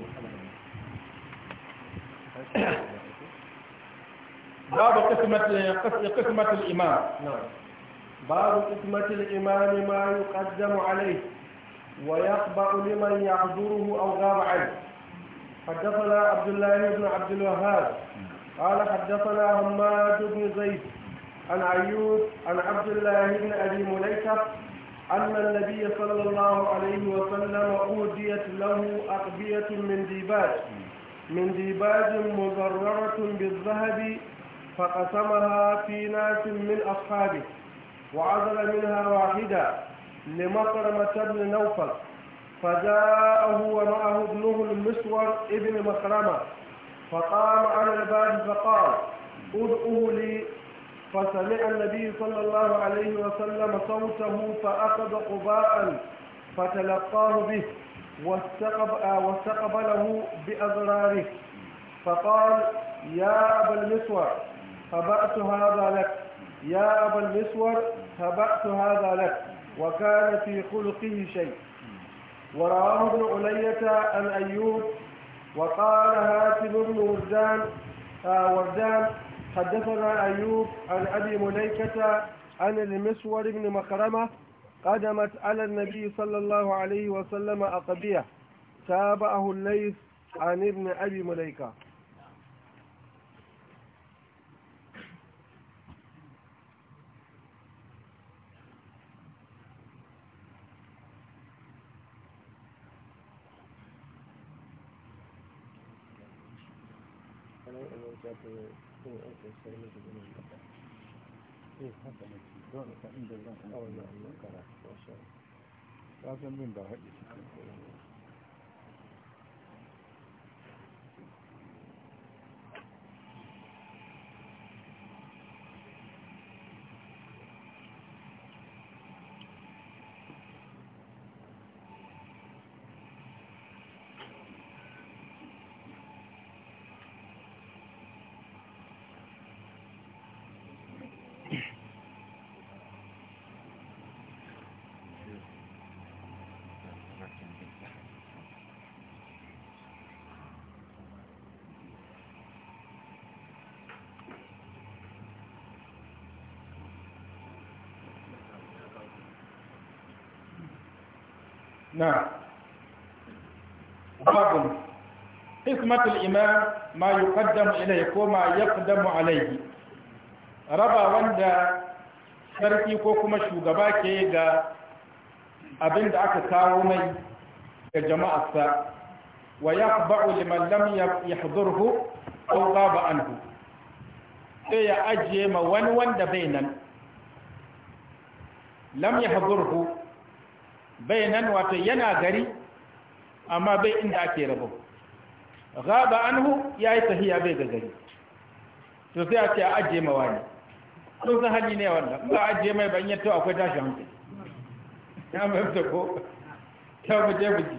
babu kismatul imam babu kismatul imam ma yuqaddamu alayhi wa yaqba'u liman yahduruhu aw ghaba anhu حدثنا عبد الله بن عبد الوهاب قال حدثنا حماد بن زيد عن أيوب عن عبد الله بن أبي مليكة أن النبي صلى الله عليه وسلم أوديت له أقبية من ديباج من ديباج مضررة بالذهب فقسمها في ناس من أصحابه وعزل منها واحدة لمطر بن نوفل فجاءه ومعه ابنه المسور ابن مكرمة فقام على الباب فقال ادعوا لي فسمع النبي صلى الله عليه وسلم صوته فأخذ قباء فتلقاه به آه، واستقبله بأضراره فقال يا أبا المسور هبأت هذا لك يا أبا المسور هبأت هذا لك وكان في خلقه شيء ورآه ابن علية الأيوب وقال هاتب بن وردان آه وردان حدثنا أيوب عن أبي مليكة عن المسور بن مخرمة قدمت على النبي صلى الله عليه وسلم أقبية تابعه الليث عن ابن أبي مليكة Thank you. Eh, Ka kasan min ba haɗe na babun hikmatul imam ma yuqaddamu ilayhi ko ma yaqdamu alayhi raba wanda sarki ko kuma shugaba ke ga abin da aka kawo mai ga jama'arsa wa ba'u liman lam yahdurhu aw ghaba anhu sai ya ajiye ma wani wanda bai nan lam yahdurhu bai nan wato yana gari amma bai inda ake rabon gaba hu ya yi tahiya bai ga gari to sai a ce a ajiye mawa ne sun san hali ne wannan ba a ajiye mai ban yato akwai tashi hankali ya mai fita ko ta guje guji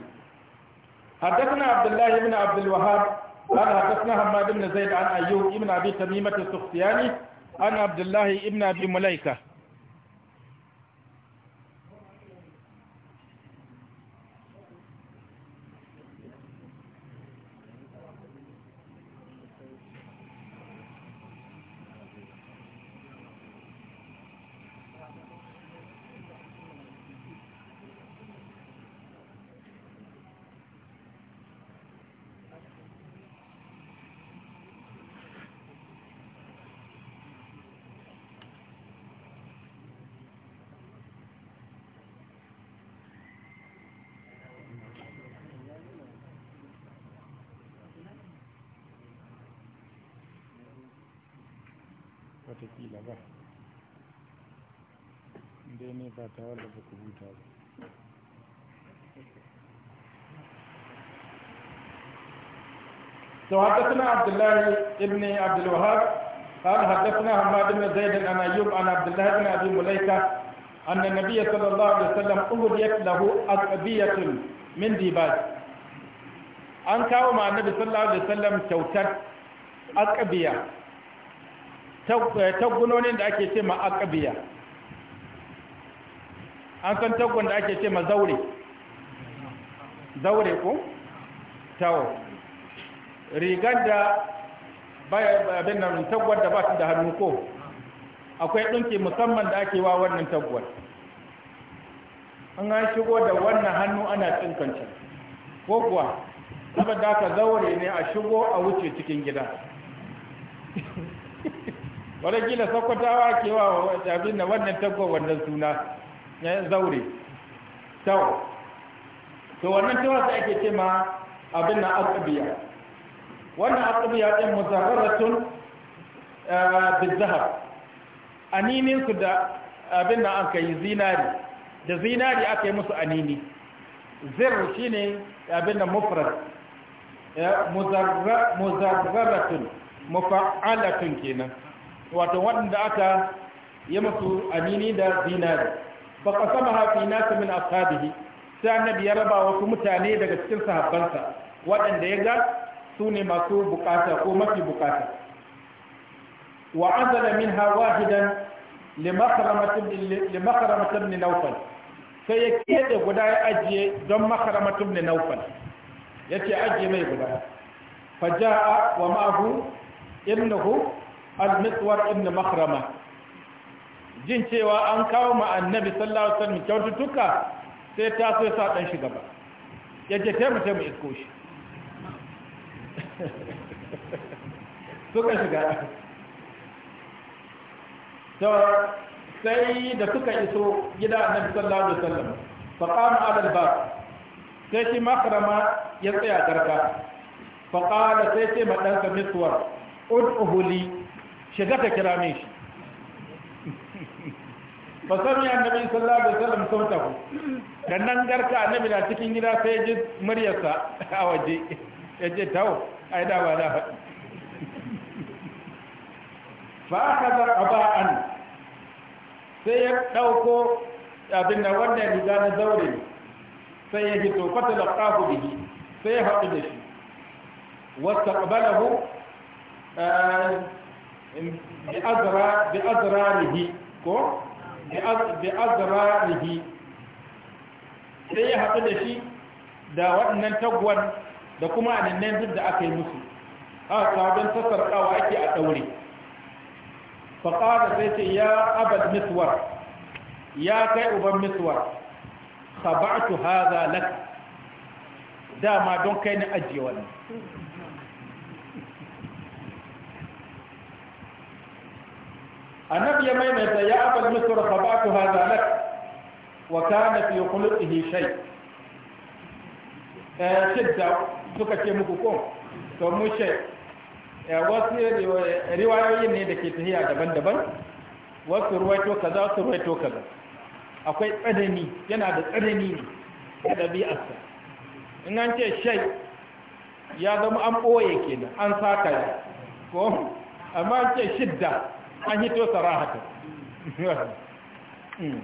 حدثنا عبد الله بن عبد الوهاب قال حدثنا حماد بن زيد عن ايوب بن ابي تميمه السختياني عن عبد الله بن ابي مليكه fata wanda ba ku huta ba to حدثنا عبد الله ابن عبد قال حدثنا حماد بن زيد عن ايوب عن عبد الله بن ابي مليكه ان النبي صلى الله عليه وسلم اهديت له اقبيه من ديباج an kawo ma nabi sallallahu alaihi wasallam kyautar aqabiya tagunonin da ake ce ma aqabiya an san tagon da ake ce ma zaure zaure ko tawo rigar da abin nan tagon da ba su da hannu ko akwai ɗinki musamman da ake wa wannan tagon an an shigo da wannan hannu ana tsinkanci ko kuwa saboda ka zaure ne a shigo a wuce cikin gida (laughs) wadda gila sakwatawa ke wa abin da wannan tagon wannan suna na zaure tawo to wannan tawo sai ake ce ma abin na asabiya wannan asabiya ɗin muzarraratun eh, bizahar aninin su da abin na an kai zinari da zinari aka yi musu anini zir shine abin da mufrad eh, muzarraratun mufa'alatun kenan wato waɗanda aka yi musu anini da zinari fa qasamaha fi nas min ashabihi sai annabi ya raba wasu mutane daga cikin sahabbansa waɗanda ya ga su ne masu bukata ko mafi bukata wa azala minha wahidan limakaramatin ibn naufal sai ya keɗe guda ya ajiye don makaramatin ibn naufal ya ce ajiye mai guda faja'a wa ma'ahu ibnuhu al-mitwar ibn makarama jin cewa an kawo ma annabi sallallahu alaihi wasallam kyaututtuka sai ta so sa dan shi gaba yace ta mu ta mu isko shi (laughs) suka shiga to sai da suka iso gida annabi sallallahu alaihi wasallam fa qama ala al-bab sai shi makrama ya tsaya garka fa qala sai ce ma dan sa miswar shiga ta kira min shi fa sami annabi sallallahu alaihi wasallam tafi dan nan garka annabi na cikin gida sai ya ji muryarsa a waje ya ce tawo ai da ba da faɗi fa akhadha aba'an sai ya dauko abin da ya riga na zaure sai ya hito fatalaqahu bihi sai ya haɗu da shi eh, bi bi بأذراره ko. bi azra'ihi sai ya haɗu da shi da waɗannan tagwan da kuma anannan duk da aka yi musu a kawo don tasarƙawa ake a ɗaure faƙada sai ce ya abad miswar ya kai uban miswar sabatu haza lak dama don kai ni ajiye wannan annabi ya maimaita ya abal misr fa ba'tu hadha lak wa kana fi khuluqihi shay eh shidda suka ce muku ko to mu shay wasu riwayoyin ne da ke tahiya daban-daban wasu ruwaito kaza wasu ruwaito kaza akwai tsanani yana da tsanani ne da ɗabi'arsa in an ce shai ya zama an ɓoye kenan an saka ya ko amma an ce shidda an hito sarahatu hmm.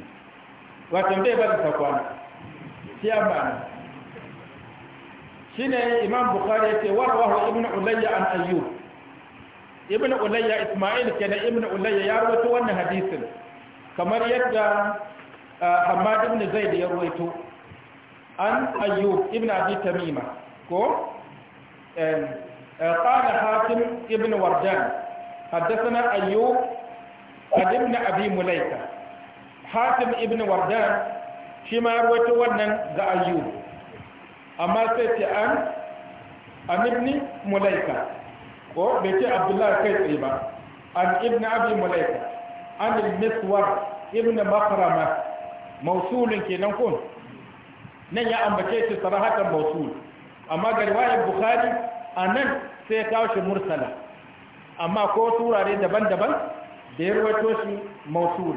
watan bai bari ta kwana shi ne ba shine imam bukhari yace warawahu ibnu ulayya an ayyub ibnu ulayya isma'il ke kenan ibnu ulayya ya rawaito wannan hadisin kamar yadda hamad ibn zaid ya rawaito an ayyub ibnu abi tamima ko قال حاتم ابن وردان حدثنا أيوب ibn abi mulaika hatim ibn wardan shi ma rawaito wannan ga ayyub amma sai ce an an ibn mulaika ko bai ce abdullahi kai tsaye ba an ibn abi mulaika an miswar ibn makrama mausulun kenan kun nan ya ambace shi sarahatan mausul amma ga riwayar bukhari nan sai ya kawo shi mursala amma ko turare daban-daban da ya rawaito shi mausul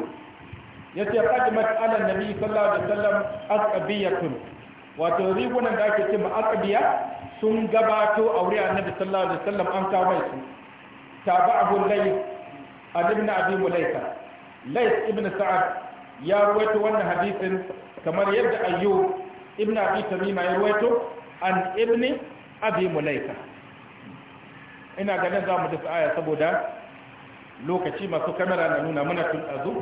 yace qad mas'ala nabi sallallahu alaihi wasallam aqbiyatun wato rigunan da ake ce ma aqbiya sun gabato a wurin annabi sallallahu alaihi wasallam an kawo mai su tabi'ahu layth ibn abi mulaika layth ibn sa'ad ya rawaito wannan hadisin kamar yadda ayyub ibn abi tamima ya rawaito an ibn abi mulaika ina ganin za mu tafi aya saboda lokaci masu kamera na nuna mana tun azu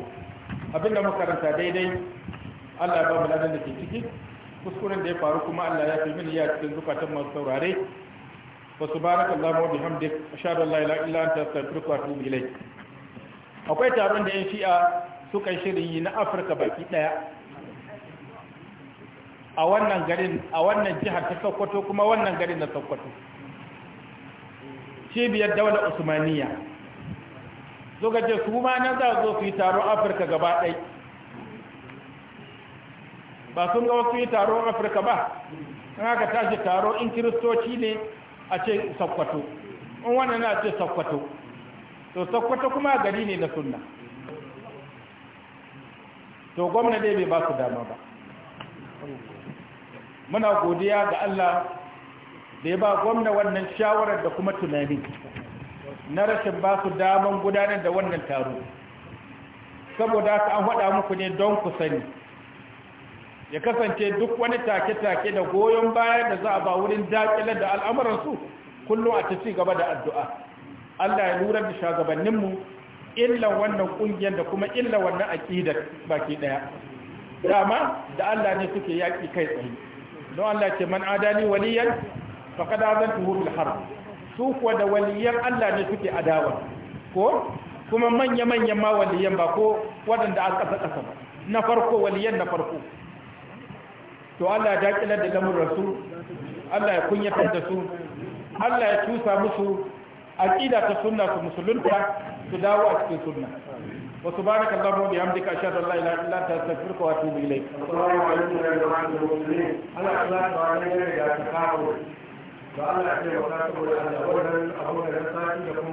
abinda makaranta daidai Allah ba mu da ke ciki kuskuren da ya faru kuma Allah ya fi min ya cikin zukatan masu saurare wa subhanakallahu wa bihamdik ashhadu an la ilaha illa anta astaghfiruka wa atubu ilayk akwai taron da fi a sukan shirin yi na Afirka baki ɗaya. a wannan garin a wannan jihar ta Sokoto kuma wannan garin na Sokoto cibiyar daular Usmaniya suka ce su ma nan za zo su yi taron afirka gaba ɗai ba sun ga wasu yi taron afirka ba in haka tashi taro in kiristoci ne a ce sakwato in wannan na ce sakwato to sakwato kuma gari ne na sunna to gwamna dai bai ba su dama ba muna godiya ga allah da ya ba gwamna wannan shawarar da kuma tunanin na rashin ba su daman gudanar da wannan taro saboda haka an faɗa muku ne don ku sani ya kasance duk wani take-take da goyon baya da za a ba wurin daƙilar da al'amuransu kullum a ta ci gaba da addu'a Allah ya lura da shagabanninmu illan wannan ƙungiyar da kuma illa wannan aƙidar baki ɗaya dama da Allah ne suke yaƙi kai tsaye don Allah ce man adani waliyan faƙada zan tuhu bil harbi su kuwa da waliyan Allah ne suke adawa ko kuma manya-manyan ma waliyan ba ko waɗanda a ƙasa-ƙasa ba na farko waliyan na farko to Allah ya daƙilar da lamun rasu Allah ya kunyatar da su Allah ya cusa musu aƙida ta sunna su musulunta su dawo a cikin sunna wa subhanaka allahumma wa bihamdika ashhadu an la ilaha illa anta astaghfiruka wa atubu ilayk assalamu alaikum wa rahmatullahi wa barakatuh ala ya wa ne da ta ba Allah ya ce wa ta da da kuma